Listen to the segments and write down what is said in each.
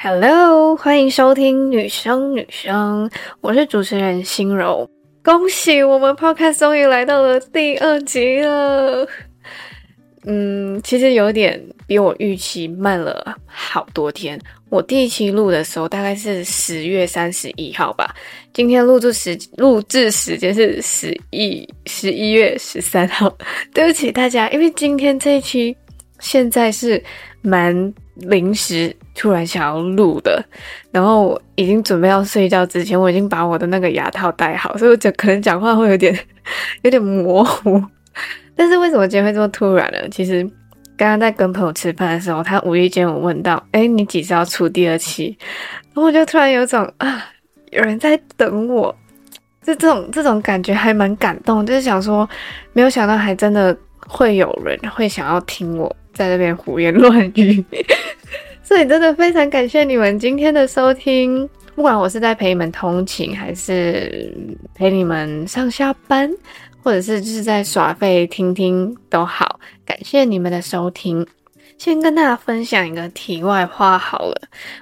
Hello，歡迎收聽女生女生，我是主持人心柔。恭喜我們 Podcast 終於來到了第二集了。嗯，其實有點比我預期慢了好多天。我第一期錄的時候大概是十月三十一號吧，今天錄製時錄製時間是十一十一月十三號。對不起大家，因為今天這一期現在是蠻臨時，突然想要錄的，然後我已經準備要睡覺之前，我已經把我的那個牙套戴好，所以我可能講話會有點有點模糊。但是為什麼今天會這麼突然呢？其實剛剛在跟朋友吃飯的時候，他無意間我問到，誒、欸，你幾時要出第二期？然後我就突然有種啊，有人在等我，就這種這種感覺還蠻感動，就是想說，沒有想到還真的會有人會想要聽我在這邊胡言亂語， 所以真的非常感謝你們今天的收聽，不管我是在陪你們通勤還是陪你們上下班。或者是就是在耍廢，聽聽都好。感謝你們的收聽，先跟大家分享一個題外話好了。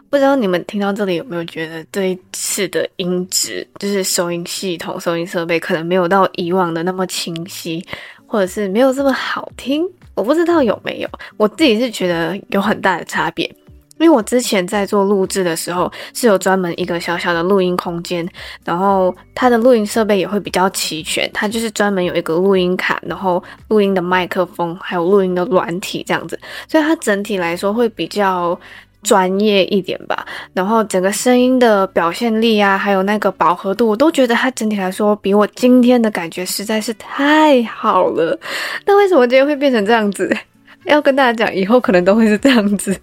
不知道你們聽到這裡有沒有覺得這一次的音質，就是收音系統、收音設備可能沒有到以往的那麼清晰，或者是沒有這麼好聽？我不知道有沒有，我自己是覺得有很大的差別。因為我之前在做錄製的時候，是有專門一個小小的錄音空間，然後它的錄音設備也會比較齊全，它就是專門有一個錄音卡，然後錄音的麥克風，還有錄音的軟體這樣子，所以它整體來說會比較專業一點吧。然後整個聲音的表現力啊，還有那個飽和度，我都覺得它整體來說比我今天的感覺實在是太好了。那為什麼今天會變成這樣子？要跟大家講，以後可能都會是這樣子。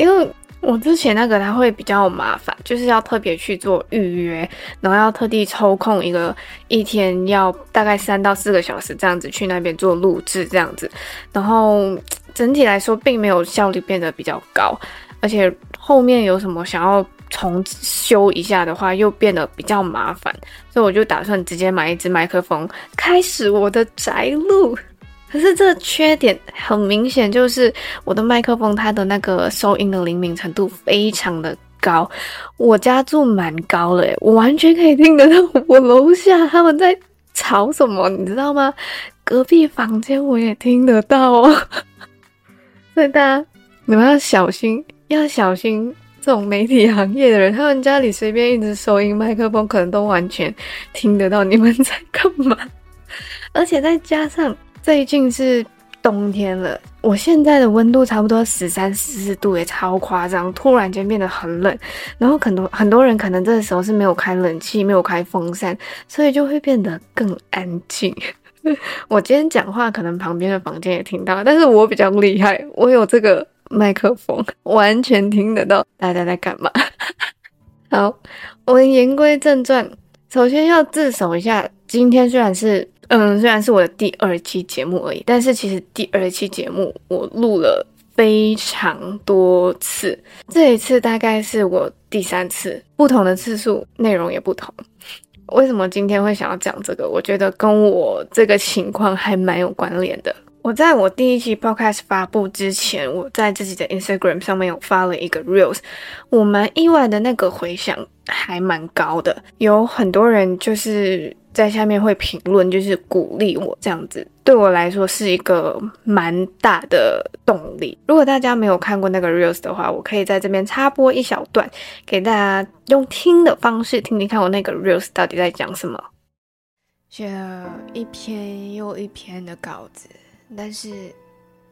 因為我之前那個，它會比較麻煩，就是要特別去做預約，然後要特地抽空一個一天，要大概三到四個小時這樣子去那邊做錄製這樣子，然後整體來說並沒有效率變得比較高，而且後面有什麼想要重修一下的話，又變得比較麻煩，所以我就打算直接買一支麥克風，開始我的宅錄。可是這缺點很明顯，就是我的麥克風它的那個收音的靈敏程度非常的高。我家住蠻高的誒，我完全可以聽得到我樓下他們在吵什麼，你知道嗎？隔壁房間我也聽得到，喔。 所以大家你們要小心，要小心這種媒體行業的人，他們家裡隨便一支收音麥克風可能都完全聽得到你們在幹嘛。而且再加上。最近是冬天了，我現在的溫度差不多十三、十四度也超誇張！突然間變得很冷，然後很多很多人可能這個時候是沒有開冷氣、沒有開風扇，所以就會變得更安靜。 我今天講話可能旁邊的房間也聽到，但是我比較厲害，我有這個麥克風，完全聽得到大家在幹嘛。 好，我們言歸正傳，首先要自首一下，今天雖然是。嗯，雖然是我的第二期節目而已，但是其實第二期節目我錄了非常多次，這一次大概是我第三次，不同的次數，內容也不同。為什麼今天會想要講這個？我覺得跟我這個情況還蠻有關聯的。我在我第一期 podcast 發布之前，我在自己的 Instagram 上面有發了一個 reels，我蠻意外的那個回響還蠻高的，有很多人就是在下面會評論，就是鼓勵我這樣子，對我來說是一個蠻大的動力。如果大家沒有看過那個 reels 的話，我可以在這邊插播一小段，給大家用聽的方式聽聽看我那個 reels 到底在講什麼。寫了一篇又一篇的稿子。但是，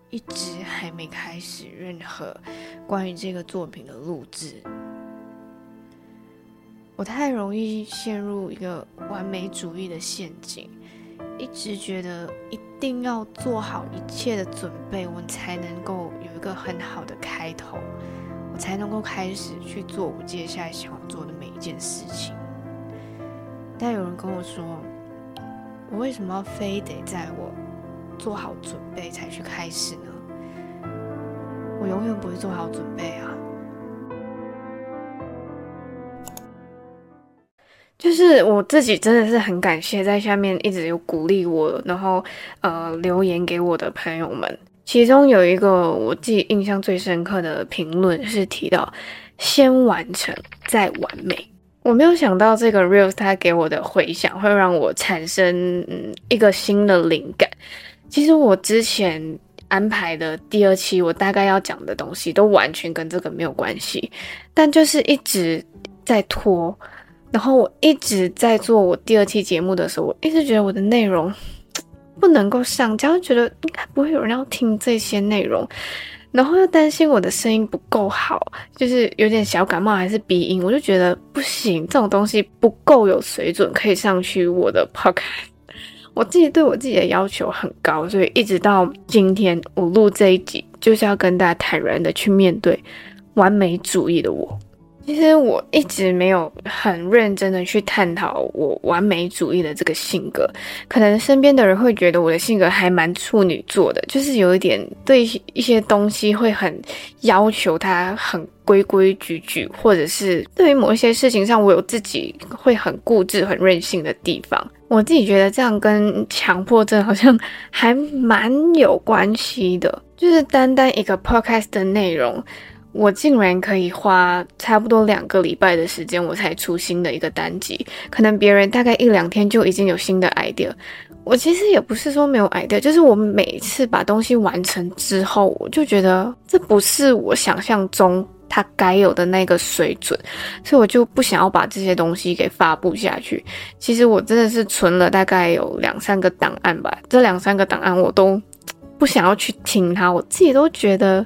一直還沒開始任何關於這個作品的錄製。我太容易陷入一個完美主義的陷阱，一直覺得一定要做好一切的準備，我才能夠有一個很好的開頭，我才能夠開始去做我接下來想要做的每一件事情。但有人跟我說，我為什麼要非得在我？做好準備才去開始呢？我永遠不會做好準備啊！就是我自己真的是很感謝在下面一直有鼓勵我，然後呃留言給我的朋友們。其中有一個我自己印象最深刻的評論是提到“先完成再完美”。我沒有想到這個 Reels 它給我的回響會讓我產生，嗯，一個新的靈感。其實我之前安排的第二期，我大概要講的東西都完全跟這個沒有關係，但就是一直在拖。然後我一直在做我第二期節目的時候，我一直覺得我的內容不能夠上，只要覺得應該不會有人要聽這些內容，然後又擔心我的聲音不夠好，就是有點小感冒還是鼻音，我就覺得不行，這種東西不夠有水準可以上去我的 podcast 我自己對我自己的要求很高，所以一直到今天我錄這一集，就是要跟大家坦然的去面對完美主義的我。其實我一直沒有很認真的去探討我完美主義的這個性格，可能身邊的人會覺得我的性格還蠻處女座的，就是有一點對一些東西會很要求他很規規矩矩，或者是對於某一些事情上，我有自己會很固執、很任性的地方。我自己覺得這樣跟強迫症好像還蠻有關係的。就是單單一個 podcast 的內容，我竟然可以花差不多兩個禮拜的時間，我才出新的一個單集。可能別人大概一兩天就已經有新的 idea。我其實也不是說沒有 idea，就是我每一次把東西完成之後，我就覺得這不是我想象中。他該有的那個水準，所以我就不想要把這些東西給發布下去。其實我真的是存了大概有兩三個檔案吧，這兩三個檔案我都不想要去聽它，我自己都覺得，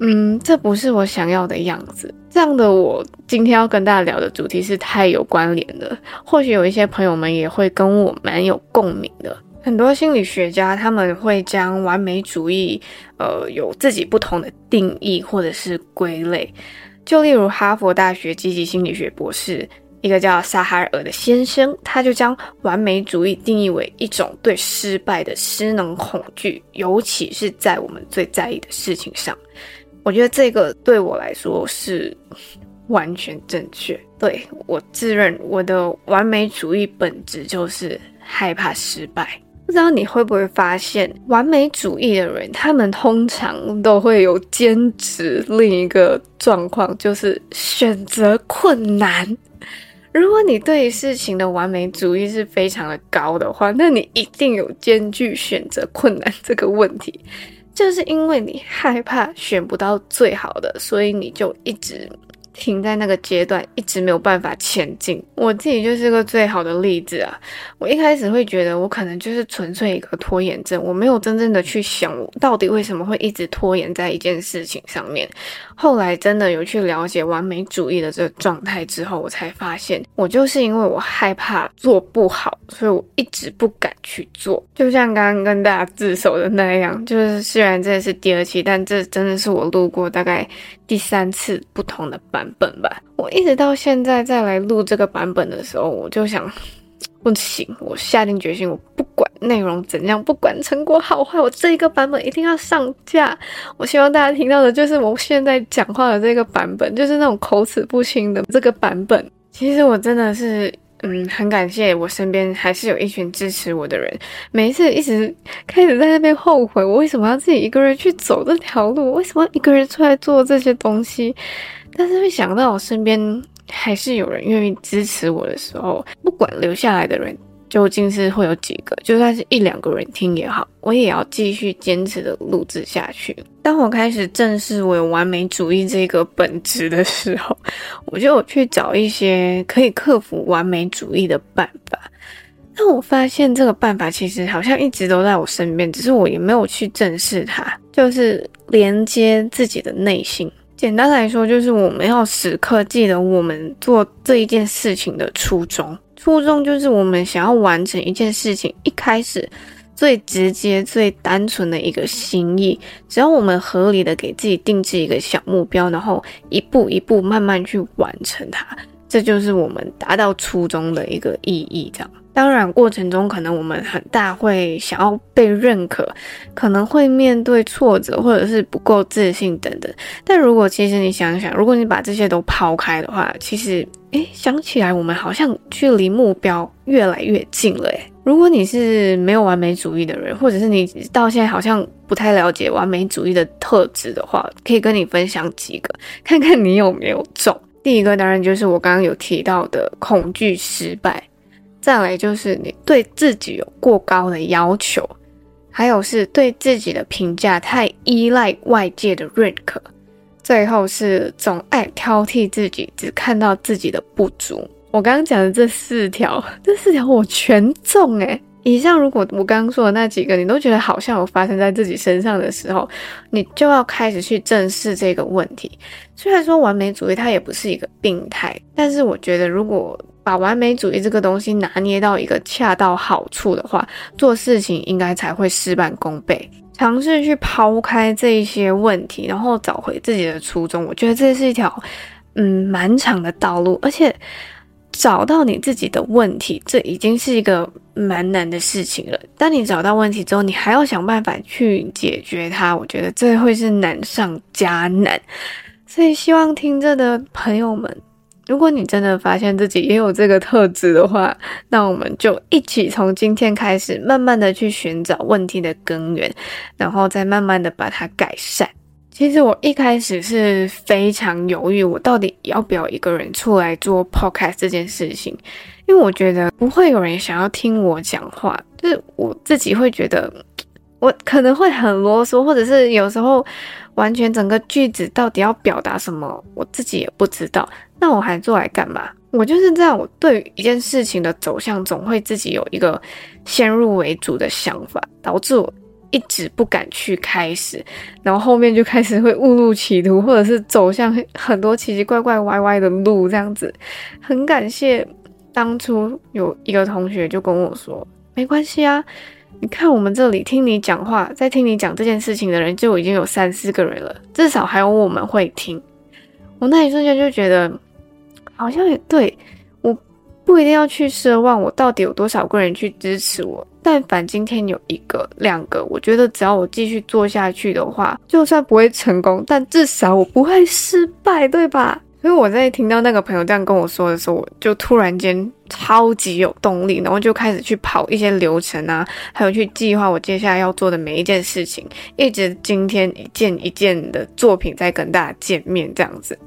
嗯，這不是我想要的樣子。這樣的，我今天要跟大家聊的主題是太有關聯了，或許有一些朋友們也會跟我蠻有共鳴的。很多心理學家他們會將完美主義，呃，有自己不同的定義或者是歸類。就例如哈佛大學積極心理學博士一個叫沙哈爾的先生，他就將完美主義定義為一種對失敗的失能恐懼，尤其是在我們最在意的事情上。我覺得這個對我來說是完全正確。對，我自認我的完美主義本質就是害怕失敗。不知道你會不會發現，完美主義的人，他們通常都會有兼職。另一個狀況就是選擇困難。如果你對事情的完美主義是非常的高的話，那你一定有兼具選擇困難這個問題。就是因為你害怕選不到最好的，所以你就一直。停在那個階段，一直沒有辦法前進。我自己就是個最好的例子啊！我一開始會覺得我可能就是純粹一個拖延症，我沒有真正的去想我到底為什麼會一直拖延在一件事情上面。後來真的有去了解完美主義的這個狀態之後，我才發現我就是因為我害怕做不好，所以我一直不敢去做。就像剛剛跟大家自首的那樣，就是雖然這是第二期，但這真的是我錄過大概。第三次不同的版本吧，我一直到現在再來錄這個版本的時候，我就想，不行，我下定決心，我不管內容怎樣，不管成果好壞，我這一個版本一定要上架。我希望大家聽到的就是我現在講話的這個版本，就是那種口齒不清的這個版本。其實我真的是。嗯，很感謝我身邊還是有一群支持我的人。每一次一直開始在那邊後悔，我為什麼要自己一個人去走這條路？為什麼要一個人出來做這些東西？但是會想到我身邊還是有人願意支持我的時候，不管留下來的人。究竟是會有幾個？就算是一兩個人聽也好，我也要繼續堅持的錄製下去。當我開始正視我有完美主義這個本質的時候，我就去找一些可以克服完美主義的辦法。但我發現這個辦法其實好像一直都在我身邊，只是我也沒有去正視它，就是連接自己的內心。簡單來說，就是我們要時刻記得我們做這一件事情的初衷。初衷就是我們想要完成一件事情，一開始最直接、最單純的一個心意。只要我們合理的給自己定制一個小目標，然後一步一步慢慢去完成它，這就是我們達到初衷的一個意義。這樣，當然過程中可能我們很大會想要被認可，可能會面對挫折，或者是不夠自信等等。但如果其實你想想，如果你把這些都拋開的話，其實。誒，想起來我們好像距離目標越來越近了誒。如果你是沒有完美主義的人，或者是你到現在好像不太了解完美主義的特質的話，可以跟你分享幾個，看看你有沒有中。第一個當然就是我剛剛有提到的恐懼失敗，再來就是你對自己有過高的要求，還有是對自己的評價太依賴外界的認可。最後是總愛挑剔自己，只看到自己的不足。我剛剛講的這四條，這四條我全中哎、欸！以上如果我剛說的那幾個你都覺得好像有發生在自己身上的時候，你就要開始去正視這個問題。雖然說完美主義它也不是一個病態，但是我覺得如果把完美主義這個東西拿捏到一個恰到好處的話，做事情應該才會事半功倍。嘗試去拋開這一些問題，然後找回自己的初衷，我覺得這是一條，嗯，蠻長的道路。而且，找到你自己的問題，這已經是一個蠻難的事情了。當你找到問題之後，你還要想辦法去解決它，我覺得這會是難上加難。所以，希望聽着的朋友們。如果你真的發現自己也有這個特質的話，那我們就一起從今天開始，慢慢的去尋找問題的根源，然後再慢慢的把它改善。其實我一開始是非常猶豫，我到底要不要一個人出來做 Podcast 這件事情，因為我覺得不會有人想要聽我講話，就是我自己會覺得，我可能會很囉嗦，或者是有時候完全整個句子到底要表達什麼，我自己也不知道。那我還做來幹嘛？我就是這樣，我對於一件事情的走向總會自己有一個先入為主的想法，導致我一直不敢去開始，然後後面就開始會誤入歧途，或者是走向很多奇奇怪怪歪歪的路這樣子。很感謝當初有一個同學就跟我說：“沒關係啊，你看我們這裡聽你講話，在聽你講這件事情的人就已經有三四個人了，至少還有我們會聽。”我那一瞬間就覺得。好像也對，我不一定要去奢望我到底有多少個人去支持我，但凡今天有一個、兩個，我覺得只要我繼續做下去的話，就算不會成功，但至少我不會失敗，對吧？所以我在聽到那個朋友這樣跟我說的時候，我就突然間超級有動力，然後就開始去跑一些流程啊，還有去計劃我接下來要做的每一件事情，一直今天一件一件的作品在跟大家見面，這樣子。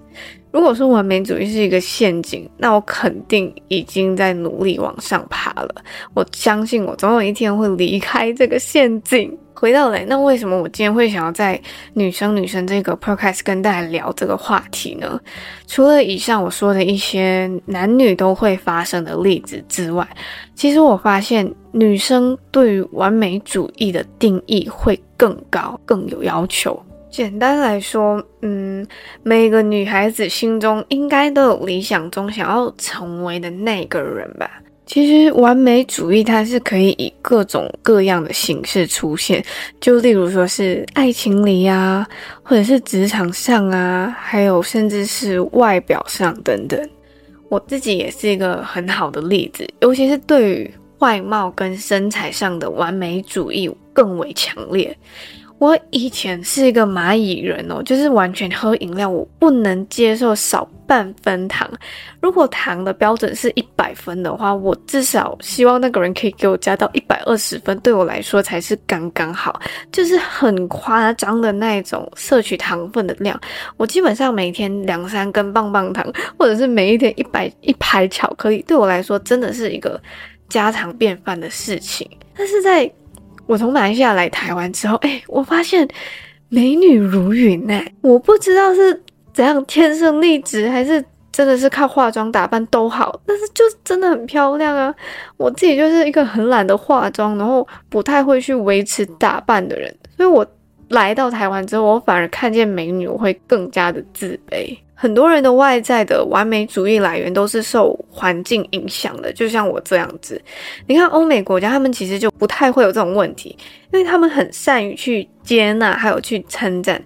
如果說完美主義是一個陷阱，那我肯定已經在努力往上爬了。我相信我總有一天會離開這個陷阱，回到來。那為什麼我今天會想要在女生女生這個 podcast 跟大家聊這個話題呢？除了以上我說的一些男女都會發生的例子之外，其實我發現女生對於完美主義的定義會更高，更有要求。簡單來說，嗯，每個女孩子心中應該都有理想中想要成為的那個人吧。其實，完美主義它是可以以各種各樣的形式出現，就例如說是愛情裡啊，或者是職場上啊，還有甚至是外表上等等。我自己也是一個很好的例子，尤其是對於外貌跟身材上的完美主義更為強烈。我以前是一個螞蟻人哦，就是完全喝飲料，我不能接受少半分糖。如果糖的標準是一百分的話，我至少希望那個人可以給我加到一百二十分，對我來說才是剛剛好。就是很誇張的那種攝取糖分的量，我基本上每天兩三根棒棒糖，或者是每一天一百一排巧克力，對我來說真的是一個家常便飯的事情。但是在我從馬來西亞來台灣之後，哎，我發現美女如雲哎，我不知道是怎樣天生麗質，還是真的是靠化妝打扮都好，但是就真的很漂亮啊！我自己就是一個很懶得化妝，然後不太會去維持打扮的人，所以我。來到台灣之後，我反而看見美女，我會更加的自卑。很多人的外在的完美主義來源都是受環境影響的，就像我這樣子。你看歐美國家，他們其實就不太會有這種問題，因為他們很善於去接納，還有去稱讚。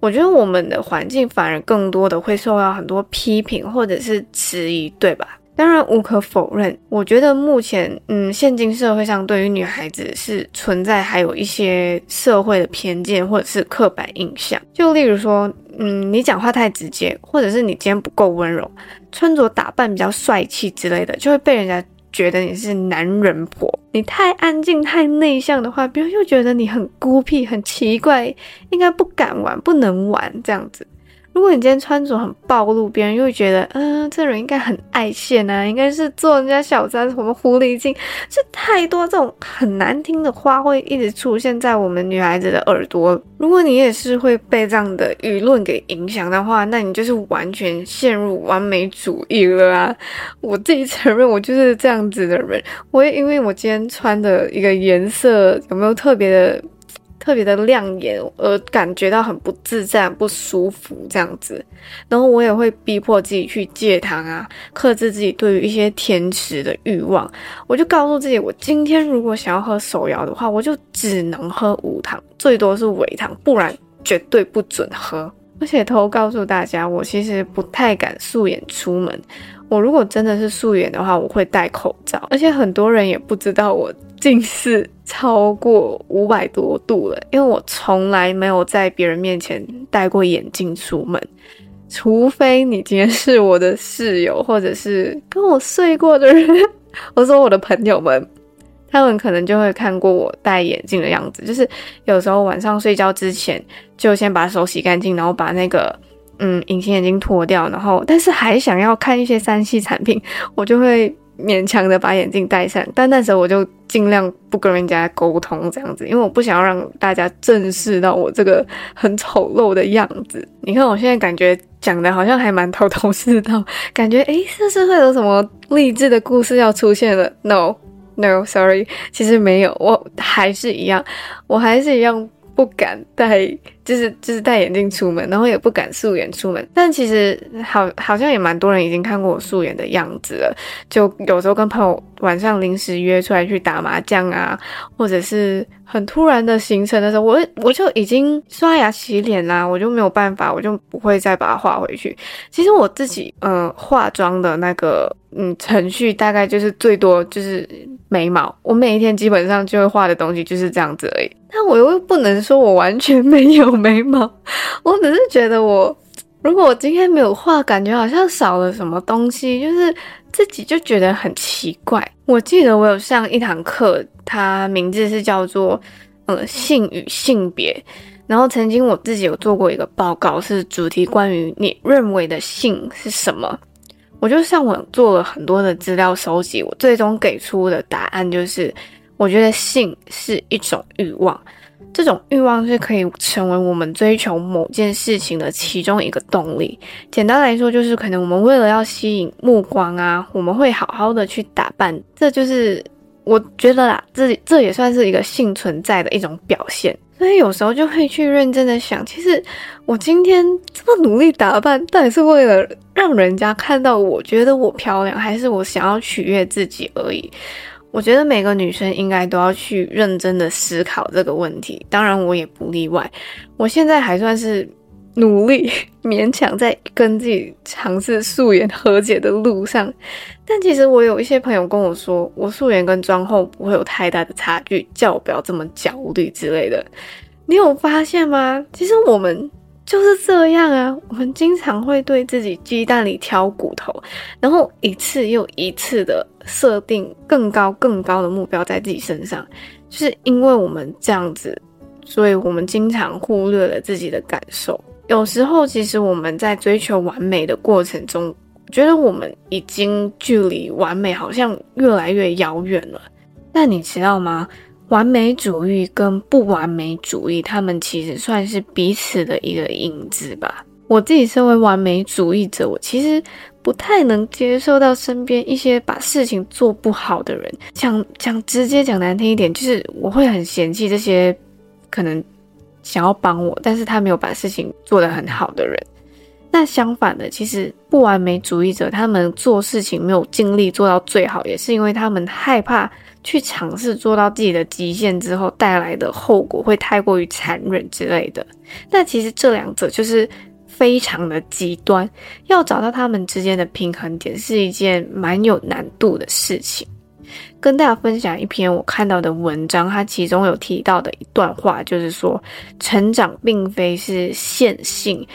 我覺得我們的環境反而更多的會受到很多批評或者是質疑，對吧？當然無可否認，我覺得目前，嗯，現今社會上對於女孩子是存在還有一些社會的偏見或者是刻板印象。就例如說，嗯，你講話太直接，或者是你今天不夠溫柔，穿着打扮比較帥氣之類的，就會被人家覺得你是男人婆。你太安靜、太內向的話，別人又覺得你很孤僻、很奇怪，應該不敢玩、不能玩這樣子。如果你今天穿着很暴露，別人又會覺得，嗯、呃，這人應該很愛現吶、啊，應該是做人家小三，什麼狐狸精，就太多這種很難聽的話會一直出現在我們女孩子的耳朵。如果你也是會被這樣的輿論給影響的話，那你就是完全陷入完美主義了啊！我自己承認，我就是這樣子的人，我也因為我今天穿的一個顏色有沒有特別的。特別的亮眼，而感覺到很不自在、不舒服這樣子，然後我也會逼迫自己去戒糖啊，克制自己對於一些甜食的慾望。我就告訴自己，我今天如果想要喝手搖的話，我就只能喝無糖，最多是微糖，不然絕對不准喝。而且偷偷告訴大家，我其實不太敢素顏出門。我如果真的是素顏的話，我會戴口罩，而且很多人也不知道我近視超過五百多度了，因為我從來沒有在別人面前戴過眼鏡出門，除非你今天是我的室友，或者是跟我睡過的人，或者說我的朋友們，他們可能就會看過我戴眼鏡的樣子，就是有時候晚上睡覺之前就先把手洗乾淨，然後把那個。嗯，隱形眼鏡脫掉，然後但是還想要看一些 3C 產品，我就會勉強的把眼鏡戴上。但那時候我就盡量不跟人家溝通這樣子，因為我不想要讓大家正視到我這個很醜陋的樣子。你看我現在感覺講的好像還蠻頭頭是道，感覺誒，是不是會有什麼勵志的故事要出現了？No，No，Sorry，其實沒有，我還是一樣，我還是一樣不敢戴。就是就是戴眼鏡出門，然後也不敢素顏出門。但其實好好像也蠻多人已經看過我素顏的樣子了。就有時候跟朋友晚上臨時約出來去打麻將啊，或者是很突然的行程的時候，我我就已經刷牙洗臉啦，我就沒有辦法，我就不會再把它畫回去。其實我自己嗯、呃、化妝的那個嗯程序大概就是最多就是眉毛，我每一天基本上就會畫的東西就是這樣子而已。但我又不能說我完全沒有。眉毛，我只是覺得我如果我今天沒有畫，感覺好像少了什麼東西，就是自己就覺得很奇怪。我記得我有上一堂課，它名字是叫做呃，「性與性別」。然後曾經我自己有做過一個報告，是主題關於你認為的性是什麼。我就上網做了很多的資料收集，我最終給出的答案就是，我覺得性是一種慾望。這種慾望是可以成為我們追求某件事情的其中一個動力。簡單來說，就是可能我們為了要吸引目光啊，我們會好好的去打扮。這就是我覺得啦，這這也算是一個性存在的一種表現。所以有時候就會去認真的想，其實我今天這麼努力打扮，到底是為了讓人家看到我覺得我漂亮，還是我想要取悅自己而已？我覺得每個女生應該都要去認真的思考這個問題，當然我也不例外。我現在還算是努力勉強在跟自己嘗試素顏和解的路上，但其實我有一些朋友跟我說，我素顏跟妝後不會有太大的差距，叫我不要這麼焦慮之類的。你有發現嗎？其實我們。就是這樣啊，我們經常會對自己雞蛋裡挑骨頭，然後一次又一次的設定更高更高的目標在自己身上，就是因為我們這樣子，所以我們經常忽略了自己的感受。有時候，其實我們在追求完美的過程中，覺得我們已經距離完美好像越來越遙遠了。但你知道嗎？完美主義跟不完美主義，他們其實算是彼此的一個影子吧。我自己身為完美主義者，我其實不太能接受到身邊一些把事情做不好的人。講講直接講難聽一點，就是我會很嫌棄這些可能想要幫我，但是他沒有把事情做得很好的人。那相反的，其實不完美主義者，他們做事情沒有盡力做到最好，也是因為他們害怕。去嘗試做到自己的極限之後帶來的後果會太過於殘忍之類的，那其實這兩者就是非常的極端，要找到他們之間的平衡點是一件蠻有難度的事情。跟大家分享一篇我看到的文章，它其中有提到的一段話，就是說成長並非是線性，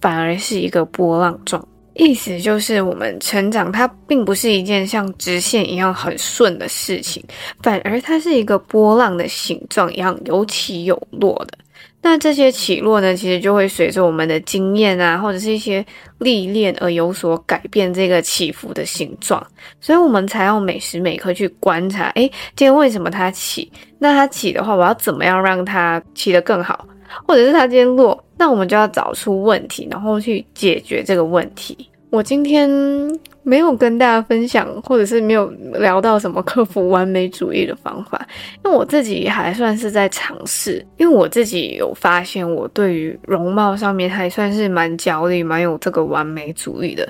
反而是一個波浪狀。意思就是，我們成長它並不是一件像直線一樣很順的事情，反而它是一個波浪的形狀，一樣有起有落的。那這些起落呢，其實就會隨着我們的經驗啊，或者是一些歷練而有所改變這個起伏的形狀。所以我們才要每時每刻去觀察，誒，今天為什麼它起？那它起的話，我要怎麼樣讓它起得更好？或者是它今天落？那我們就要找出問題，然後去解決這個問題。我今天，沒有跟大家分享，或者是沒有聊到什麼克服完美主義的方法，因為我自己還算是在嘗試，因為我自己有發現，我對於容貌上面還算是蠻焦慮、蠻有這個完美主義的，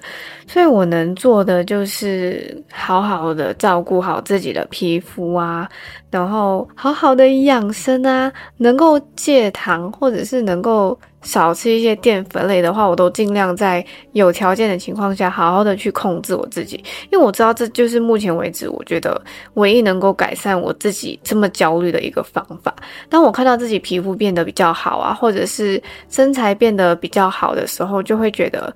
所以我能做的就是好好的照顧好自己的皮膚啊，然後好好的養生啊，能夠戒糖或者是能夠少吃一些澱粉類的話，我都盡量在有條件的情況下好好的去控制。自我自己，因為我知道這就是目前為止，我覺得唯一能夠改善我自己這麼焦慮的一個方法。當我看到自己皮膚變得比較好啊，或者是身材變得比較好的時候，就會覺得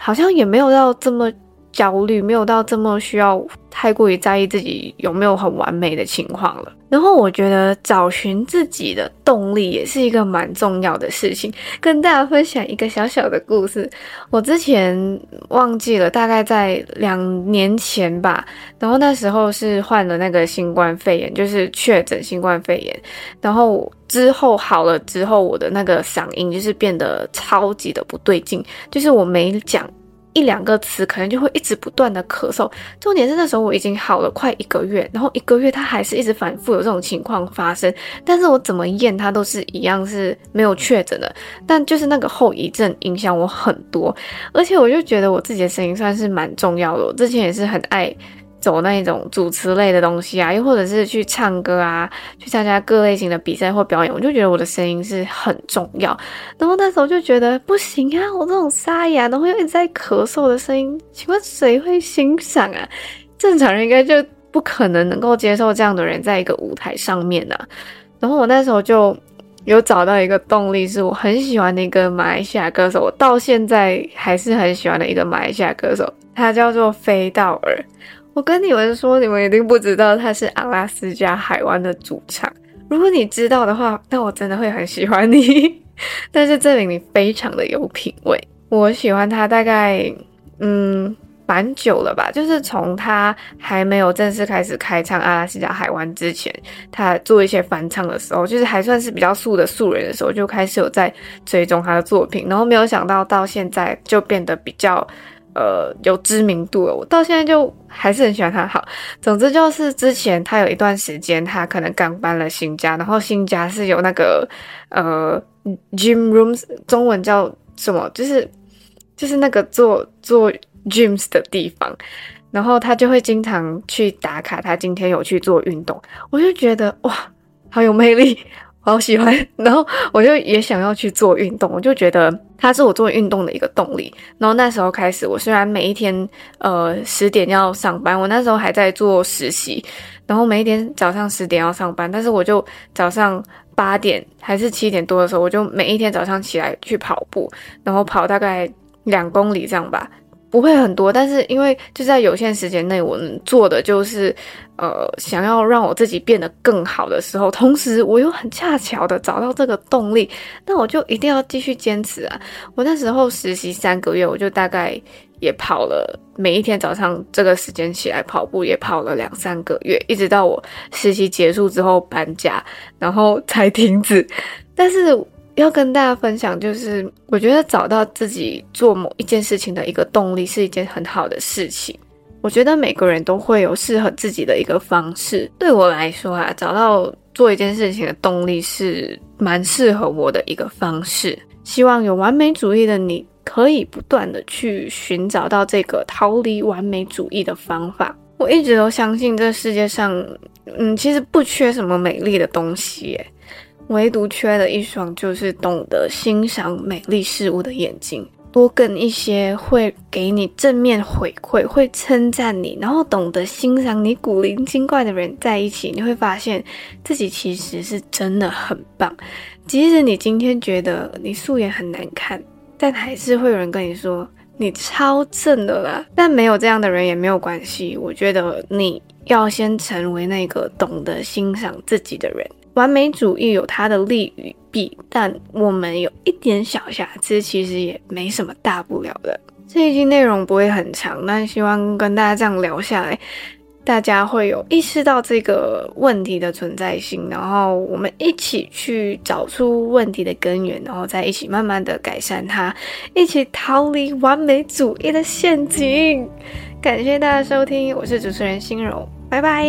好像也沒有到這麼。焦慮沒有到這麼需要，太過於在意自己有沒有很完美的情況了。然後我覺得找尋自己的動力也是一個蠻重要的事情。跟大家分享一個小小的故事，我之前忘記了，大概在兩年前吧。然後那時候是患了那個新冠肺炎，就是確診新冠肺炎。然後之後好了之後，我的那個嗓音就是變得超級的不對勁，就是我沒講。一兩個詞可能就會一直不斷的咳嗽，重點是那時候我已經好了快一個月，然後一個月它還是一直反覆有這種情況發生，但是我怎麼驗它都是一樣是沒有確診的，但就是那個後遺症影響我很多，而且我就覺得我自己的聲音算是蠻重要的，我之前也是很愛。走那一種主持類的東西啊，又或者是去唱歌啊，去參加各類型的比賽或表演，我就覺得我的聲音是很重要。然後那時候就覺得不行啊，我這種沙啞啊，然後又一直在咳嗽的聲音，請問誰會欣賞啊？正常人應該就不可能能夠接受這樣的人在一個舞台上面啊。然後我那時候就有找到一個動力，是我很喜歡的一個馬來西亞歌手，我到現在還是很喜歡的一個馬來西亞歌手，他叫做菲道爾。我跟你們說，你們一定不知道他是阿拉斯加海灣的主唱。如果你知道的話，那我真的會很喜歡你。但是證明你非常的有品味。我喜歡他大概，嗯，蠻久了吧？就是從他還沒有正式開始開唱阿拉斯加海灣之前，他做一些翻唱的時候，就是還算是比較素的素人的時候，就開始有在追蹤他的作品。然後沒有想到到現在就變得比較。呃，有知名度了，我到現在就還是很喜歡他。好，總之就是之前他有一段時間，他可能剛搬了新家，然後新家是有那個呃 gym rooms，中文叫什麼？就是就是那個做做 gyms 的地方，然後他就會經常去打卡，他今天有去做運動，我就覺得哇，好有魅力。好喜歡，然後我就也想要去做運動，我就覺得它是我做運動的一個動力。然後那時候開始，我雖然每一天呃十點要上班，我那時候還在做實習，然後每一天早上十點要上班，但是我就早上八點還是七點多的時候，我就每一天早上起來去跑步，然後跑大概兩公里這樣吧。不會很多，但是因為就在有限時間內，我能做的就是，呃，想要讓我自己變得更好的時候，同時我又很恰巧的找到這個動力，那我就一定要繼續堅持啊。我那時候實習三個月，我就大概也跑了，每一天早上這個時間起來跑步也跑了兩三個月，一直到我實習結束之後搬家，然後才停止。但是。要跟大家分享，就是我覺得找到自己做某一件事情的一個動力是一件很好的事情。我覺得每個人都會有適合自己的一個方式。對我來說啊，找到做一件事情的動力是蠻適合我的一個方式。希望有完美主義的你可以不斷的去尋找到這個逃離完美主義的方法。我一直都相信這世界上，嗯，其實不缺什麼美麗的東西耶。唯獨缺的一雙，就是懂得欣賞美麗事物的眼睛。多跟一些會給你正面回饋、會稱讚你，然後懂得欣賞你古靈精怪的人在一起，你會發現自己其實是真的很棒。即使你今天覺得你素顏很難看，但還是會有人跟你說你超正的啦。但沒有這樣的人也沒有關係，我覺得你要先成為那個懂得欣賞自己的人。完美主義有它的利與弊，但我們有一點小瑕疵，其實也沒什麼大不了的。這一期內容不會很長，但希望跟大家這樣聊下來，大家會有意識到這個問題的存在性，然後我們一起去找出問題的根源，然後再一起慢慢的改善它，一起逃離完美主義的陷阱。感謝大家的收聽，我是主持人心柔，拜拜。